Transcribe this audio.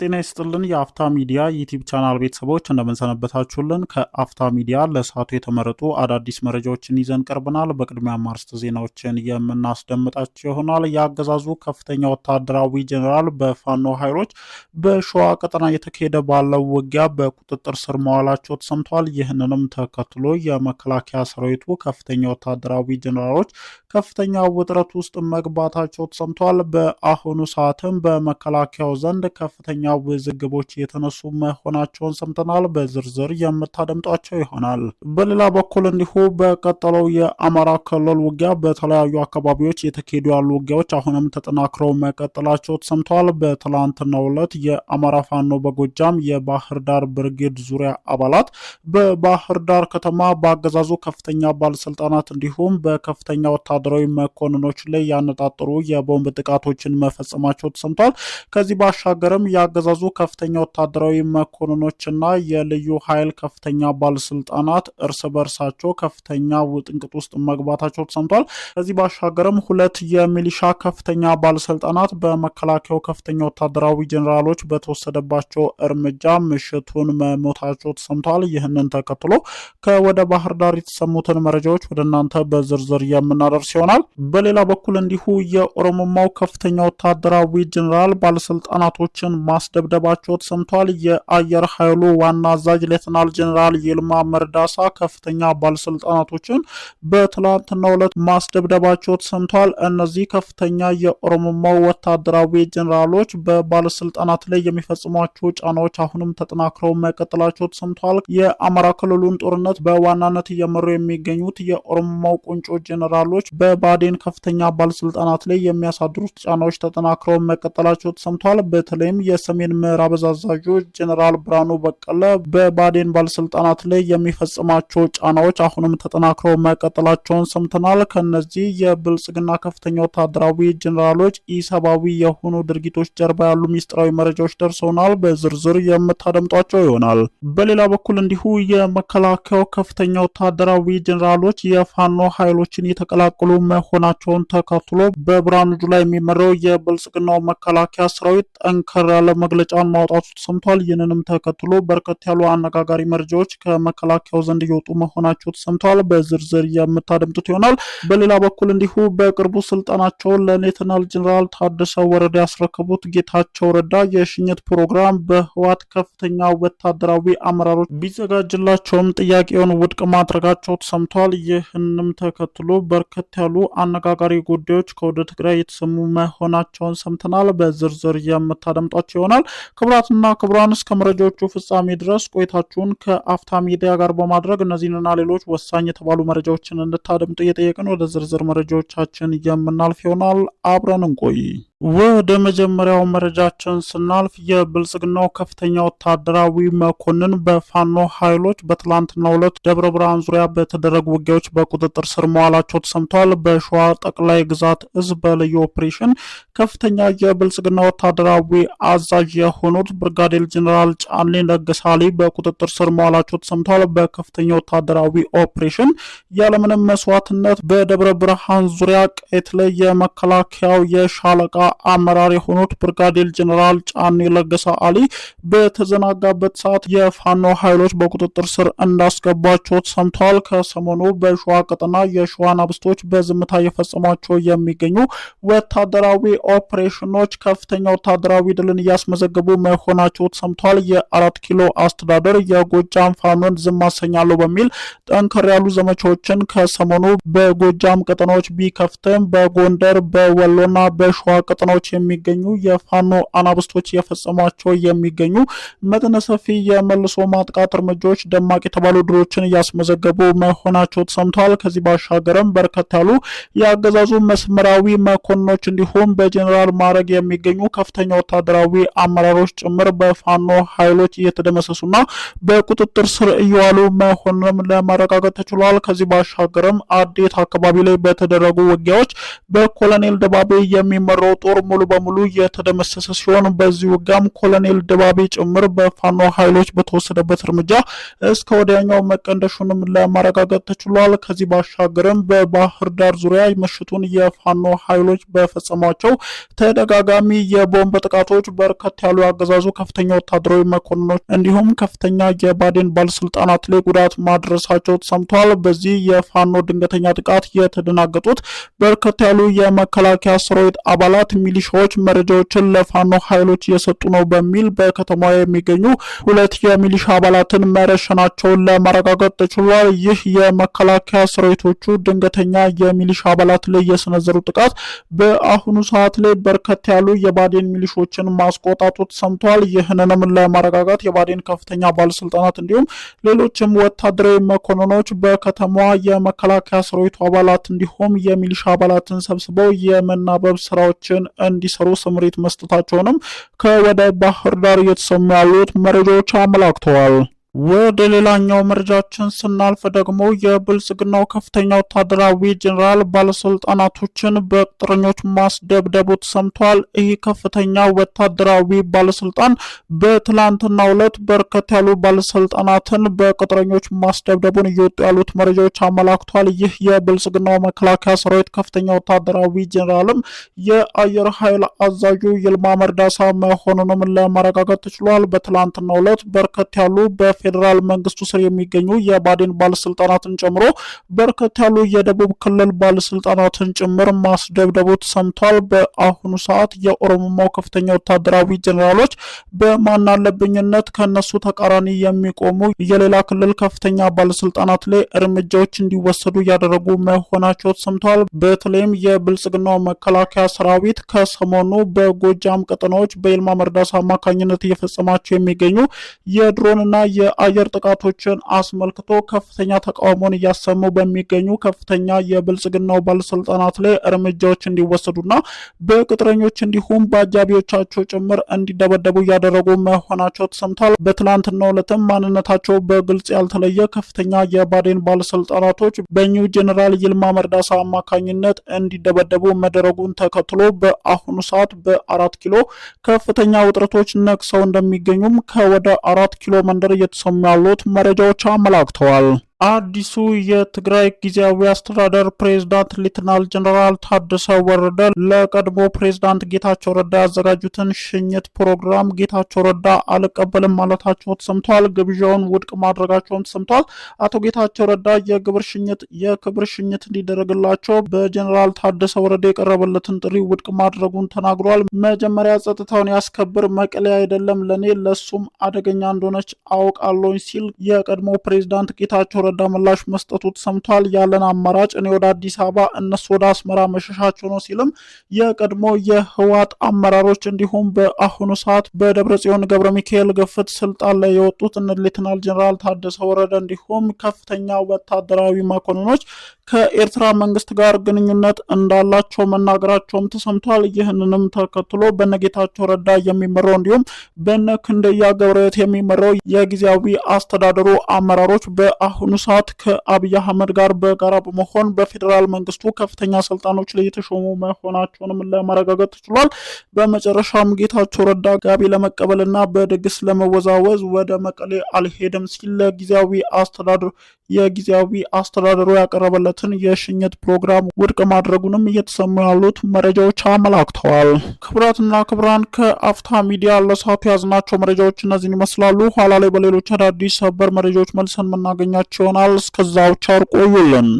ጤና ይስጥልን የአፍታ ሚዲያ ዩቲዩብ ቻናል ቤተሰቦች እንደምንሰነበታችሁልን። ከአፍታ ሚዲያ ለሰዓቱ የተመረጡ አዳዲስ መረጃዎችን ይዘን ቀርበናል። በቅድሚያ ማርስት ዜናዎችን የምናስደምጣቸው ይሆናል። የአገዛዙ ከፍተኛ ወታደራዊ ጀኔራል በፋኖ ኃይሎች በሸዋ ቀጠና የተካሄደ ባለው ውጊያ በቁጥጥር ስር መዋላቸው ተሰምቷል። ይህንንም ተከትሎ የመከላከያ ሰራዊቱ ከፍተኛ ወታደራዊ ጀኔራሎች ከፍተኛ ውጥረት ውስጥ መግባታቸው ተሰምቷል። በአሁኑ ሰዓትም በመከላከያው ዘንድ ከፍተኛ ከፍተኛ ውዝግቦች የተነሱ መሆናቸውን ሰምተናል። በዝርዝር የምታደምጧቸው ይሆናል። በሌላ በኩል እንዲሁ በቀጠለው የአማራ ክልል ውጊያ በተለያዩ አካባቢዎች የተካሄዱ ያሉ ውጊያዎች አሁንም ተጠናክረው መቀጠላቸው ተሰምተዋል። በትላንትናው ዕለት የአማራ ፋኖ በጎጃም የባህር ዳር ብርጌድ ዙሪያ አባላት በባህር ዳር ከተማ በአገዛዙ ከፍተኛ ባለስልጣናት እንዲሁም በከፍተኛ ወታደራዊ መኮንኖች ላይ ያነጣጠሩ የቦምብ ጥቃቶችን መፈጸማቸው ተሰምቷል። ከዚህ ባሻገርም አገዛዙ ከፍተኛ ወታደራዊ መኮንኖችና የልዩ ኃይል ከፍተኛ ባለስልጣናት እርስ በርሳቸው ከፍተኛ ውጥንቅጥ ውስጥ መግባታቸው ተሰምቷል። ከዚህ ባሻገርም ሁለት የሚሊሻ ከፍተኛ ባለስልጣናት በመከላከያው ከፍተኛ ወታደራዊ ጀኔራሎች በተወሰደባቸው እርምጃ ምሽቱን መሞታቸው ተሰምቷል። ይህንን ተከትሎ ከወደ ባህር ዳር የተሰሙትን መረጃዎች ወደ እናንተ በዝርዝር የምናደርስ ይሆናል። በሌላ በኩል እንዲሁ የኦሮሞማው ከፍተኛ ወታደራዊ ጀኔራል ባለስልጣናቶችን ማስደብደባቸው ተሰምቷል። የአየር ኃይሉ ዋና አዛዥ ሌትናል ጀኔራል ይልማ መርዳሳ ከፍተኛ ባለስልጣናቶችን በትላንትናው ዕለት ማስደብደባቸው ተሰምቷል። እነዚህ ከፍተኛ የኦሮሞማው ወታደራዊ ጀኔራሎች በባለስልጣናት ላይ የሚፈጽሟቸው ጫናዎች አሁንም ተጠናክረው መቀጠላቸው ተሰምቷል። የአማራ ክልሉን ጦርነት በዋናነት እየመሩ የሚገኙት የኦሮሞማው ቁንጮ ጀኔራሎች በባዴን ከፍተኛ ባለስልጣናት ላይ የሚያሳድሩት ጫናዎች ተጠናክረው መቀጠላቸው ተሰምቷል። በተለይም የሰሜን ምዕራብ እዝ አዛዦች ጀኔራል ብርሃኑ በቀለ በባዴን ባለስልጣናት ላይ የሚፈጽማቸው ጫናዎች አሁንም ተጠናክረው መቀጠላቸውን ሰምተናል። ከነዚህ የብልጽግና ከፍተኛ ወታደራዊ ጀኔራሎች ኢሰብአዊ የሆኑ ድርጊቶች ጀርባ ያሉ ሚስጥራዊ መረጃዎች ደርሰውናል። በዝርዝር የምታደምጧቸው ይሆናል። በሌላ በኩል እንዲሁ የመከላከያው ከፍተኛ ወታደራዊ ጀኔራሎች የፋኖ ኃይሎችን የተቀላቀሉ መሆናቸውን ተከትሎ በብርሃኑ ጁላ የሚመራው የብልጽግናው መከላከያ ሰራዊት ጠንከር ያለ ያለ መግለጫን ማውጣቱ ተሰምቷል። ይህንንም ተከትሎ በርከት ያሉ አነጋጋሪ መረጃዎች ከመከላከያው ዘንድ እየወጡ መሆናቸው ተሰምተዋል። በዝርዝር የምታደምጡት ይሆናል። በሌላ በኩል እንዲሁ በቅርቡ ስልጣናቸውን ለኔትናል ጀኔራል ታደሰ ወረደ ያስረከቡት ጌታቸው ረዳ የሽኝት ፕሮግራም በህዋት ከፍተኛ ወታደራዊ አመራሮች ቢዘጋጅላቸውም ጥያቄውን ውድቅ ማድረጋቸው ተሰምቷል። ይህንም ተከትሎ በርከት ያሉ አነጋጋሪ ጉዳዮች ከወደ ትግራይ የተሰሙ መሆናቸውን ሰምተናል። በዝርዝር የምታደምጧቸው ይሆናል። ክቡራትና ክቡራን እስከ መረጃዎቹ ፍጻሜ ድረስ ቆይታችሁን ከአፍታ ሚዲያ ጋር በማድረግ እነዚህንና ሌሎች ወሳኝ የተባሉ መረጃዎችን እንድታደምጡ እየጠየቅን ወደ ዝርዝር መረጃዎቻችን የምናልፍ ይሆናል። አብረን እንቆይ። ወደ መጀመሪያው መረጃችን ስናልፍ የብልጽግናው ከፍተኛ ወታደራዊ መኮንን በፋኖ ኃይሎች በትላንትናው ዕለት ደብረ ብርሃን ዙሪያ በተደረጉ ውጊያዎች በቁጥጥር ስር መዋላቸው ተሰምተዋል። በሸዋ ጠቅላይ ግዛት እዝ በልዩ ኦፕሬሽን ከፍተኛ የብልጽግና ወታደራዊ አዛዥ የሆኑት ብርጋዴር ጀኔራል ጫኔ ነገሳሊ በቁጥጥር ስር መዋላቸው ተሰምተዋል። በከፍተኛ ወታደራዊ ኦፕሬሽን ያለምንም መስዋዕትነት በደብረ ብርሃን ዙሪያ ቀይት ላይ የመከላከያው የሻለቃ አመራር የሆኑት ብርጋዴር ጀኔራል ጫኔ ለገሰ አሊ በተዘናጋበት ሰዓት የፋኖ ኃይሎች በቁጥጥር ስር እንዳስገባቸው ሰምተዋል። ከሰሞኑ በሸዋ ቀጠና የሸዋን አብስቶች በዝምታ እየፈጸሟቸው የሚገኙ ወታደራዊ ኦፕሬሽኖች ከፍተኛ ወታደራዊ ድልን እያስመዘገቡ መሆናቸው ሰምተዋል። የአራት ኪሎ አስተዳደር የጎጃም ፋኖን ዝም አሰኛለሁ በሚል ጠንከር ያሉ ዘመቻዎችን ከሰሞኑ በጎጃም ቀጠናዎች ቢከፍትም በጎንደር በወሎና በሸዋ ቀጠናዎች የሚገኙ የፋኖ አናብስቶች የፈጸሟቸው የሚገኙ መጠነ ሰፊ የመልሶ ማጥቃት እርምጃዎች ደማቅ የተባሉ ድሎችን እያስመዘገቡ መሆናቸው ተሰምተዋል። ከዚህ ባሻገርም በርከት ያሉ የአገዛዙ መስመራዊ መኮንኖች እንዲሁም በጀኔራል ማዕረግ የሚገኙ ከፍተኛ ወታደራዊ አመራሮች ጭምር በፋኖ ኃይሎች እየተደመሰሱና በቁጥጥር ስር እየዋሉ መሆኑንም ለማረጋገጥ ተችሏል። ከዚህ ባሻገርም አዴት አካባቢ ላይ በተደረጉ ውጊያዎች በኮሎኔል ደባቤ የሚመረጡ ጦር ሙሉ በሙሉ የተደመሰሰ ሲሆን በዚህ ውጋም ኮሎኔል ድባቤ ጭምር በፋኖ ኃይሎች በተወሰደበት እርምጃ እስከ ወዲያኛው መቀንደሹንም ለማረጋገጥ ተችሏል። ከዚህ ባሻገርም በባህር ዳር ዙሪያ ምሽቱን የፋኖ ኃይሎች በፈጸሟቸው ተደጋጋሚ የቦምብ ጥቃቶች በርከት ያሉ አገዛዙ ከፍተኛ ወታደራዊ መኮንኖች እንዲሁም ከፍተኛ የባዴን ባለስልጣናት ላይ ጉዳት ማድረሳቸው ተሰምቷል። በዚህ የፋኖ ድንገተኛ ጥቃት የተደናገጡት በርከት ያሉ የመከላከያ ሰራዊት አባላት ሚሊሻዎች መረጃዎችን ለፋኖ ኃይሎች እየሰጡ ነው በሚል በከተማ የሚገኙ ሁለት የሚሊሻ አባላትን መረሸናቸውን ለማረጋገጥ ተችሏል። ይህ የመከላከያ ሰራዊቶቹ ድንገተኛ የሚሊሻ አባላት ላይ የሰነዘሩ ጥቃት በአሁኑ ሰዓት ላይ በርከት ያሉ የባዴን ሚሊሾችን ማስቆጣጡ ተሰምተዋል። ይህንንም ለማረጋጋት የባዴን ከፍተኛ ባለስልጣናት እንዲሁም ሌሎችም ወታደራዊ መኮንኖች በከተማዋ የመከላከያ ሰራዊቱ አባላት እንዲሁም የሚሊሻ አባላትን ሰብስበው የመናበብ ስራዎችን እንዲሰሩ ስምሪት መስጠታቸውንም ከወደ ባህር ዳር እየተሰሙ ያሉት መረጃዎች አመላክተዋል። ወደ ሌላኛው መረጃችን ስናልፍ ደግሞ የብልጽግናው ከፍተኛ ወታደራዊ ጀኔራል ባለስልጣናቶችን በቅጥረኞች ማስደብደቡ ተሰምቷል። ይህ ከፍተኛ ወታደራዊ ባለስልጣን በትላንትናው ዕለት በርከት ያሉ ባለስልጣናትን በቅጥረኞች ማስደብደቡን እየወጡ ያሉት መረጃዎች አመላክቷል። ይህ የብልጽግናው መከላከያ ሰራዊት ከፍተኛ ወታደራዊ ጀኔራልም የአየር ኃይል አዛዡ ይልማ መርዳሳ መሆኑንም ለማረጋገጥ ተችሏል። በትላንትናው ዕለት በርከት ያሉ በፌ በፌዴራል መንግስቱ ስር የሚገኙ የባዴን ባለስልጣናትን ጨምሮ በርከት ያሉ የደቡብ ክልል ባለስልጣናትን ጭምር ማስደብደቡ ተሰምቷል። በአሁኑ ሰዓት የኦሮሞማው ከፍተኛ ወታደራዊ ጀኔራሎች በማናለብኝነት ከነሱ ተቃራኒ የሚቆሙ የሌላ ክልል ከፍተኛ ባለስልጣናት ላይ እርምጃዎች እንዲወሰዱ እያደረጉ መሆናቸው ተሰምተዋል። በተለይም የብልጽግናው መከላከያ ሰራዊት ከሰሞኑ በጎጃም ቀጠናዎች በይልማ መርዳሳ አማካኝነት እየፈጸማቸው የሚገኙ የድሮንና የ የአየር ጥቃቶችን አስመልክቶ ከፍተኛ ተቃውሞን እያሰሙ በሚገኙ ከፍተኛ የብልጽግናው ባለስልጣናት ላይ እርምጃዎች እንዲወሰዱና በቅጥረኞች እንዲሁም በአጃቢዎቻቸው ጭምር እንዲደበደቡ እያደረጉ መሆናቸው ተሰምቷል። በትናንትናው ዕለትም ማንነታቸው በግልጽ ያልተለየ ከፍተኛ የባዴን ባለስልጣናቶች በኒው ጄኔራል ይልማ መርዳሳ አማካኝነት እንዲደበደቡ መደረጉን ተከትሎ በአሁኑ ሰዓት በአራት ኪሎ ከፍተኛ ውጥረቶች ነቅሰው እንደሚገኙም ከወደ አራት ኪሎ መንደር እየተሰ ሰማሉት መረጃዎች አመላክተዋል። አዲሱ የትግራይ ጊዜያዊ አስተዳደር ፕሬዝዳንት ሌትናል ጀነራል ታደሰ ወረደ ለቀድሞ ፕሬዝዳንት ጌታቸው ረዳ ያዘጋጁትን ሽኝት ፕሮግራም ጌታቸው ረዳ አልቀበልም ማለታቸው ተሰምቷል። ግብዣውን ውድቅ ማድረጋቸውም ተሰምቷል። አቶ ጌታቸው ረዳ የግብር ሽኝት የክብር ሽኝት እንዲደረግላቸው በጀነራል ታደሰ ወረደ የቀረበለትን ጥሪ ውድቅ ማድረጉን ተናግሯል። መጀመሪያ ጸጥታውን ያስከብር፣ መቀሌ አይደለም ለእኔ ለሱም አደገኛ እንደሆነች አውቃለሁኝ ሲል የቀድሞ ፕሬዝዳንት ጌታቸው ወረዳ ምላሽ መስጠቱ ተሰምቷል። ያለን አማራጭ እኔ ወደ አዲስ አበባ እነሱ ወደ አስመራ መሸሻቸው ነው ሲልም የቀድሞ የህዋት አመራሮች እንዲሁም በአሁኑ ሰዓት በደብረ ጽዮን ገብረ ሚካኤል ግፍት ስልጣን ላይ የወጡት እነ ሌተናል ጀኔራል ታደሰ ወረደ እንዲሁም ከፍተኛ ወታደራዊ መኮንኖች ከኤርትራ መንግስት ጋር ግንኙነት እንዳላቸው መናገራቸውም ተሰምቷል። ይህንንም ተከትሎ በነጌታቸው ረዳ የሚመራው እንዲሁም በነ ክንደያ ገብረሕይወት የሚመራው የጊዜያዊ አስተዳደሩ አመራሮች በአሁኑ ሰዓት ከአብይ አህመድ ጋር በጋራ በመሆን በፌዴራል መንግስቱ ከፍተኛ ስልጣኖች ላይ የተሾሙ መሆናቸውንም ለማረጋገጥ ተችሏል። በመጨረሻም ጌታቸው ረዳ ጋቢ ለመቀበልና በድግስ ለመወዛወዝ ወደ መቀሌ አልሄድም ሲል ለጊዜያዊ አስተዳደሩ የጊዜያዊ አስተዳደሩ ያቀረበለትን የሽኝት ፕሮግራም ውድቅ ማድረጉንም እየተሰሙ ያሉት መረጃዎች አመላክተዋል። ክብረትና ክብራን ከአፍታ ሚዲያ ለሰዓቱ የያዝናቸው መረጃዎች እነዚህን ይመስላሉ። ኋላ ላይ በሌሎች አዳዲስ ሰበር መረጃዎች መልሰን የምናገኛቸው ይሆናል። እስከዛው ቸር ቆዩልን።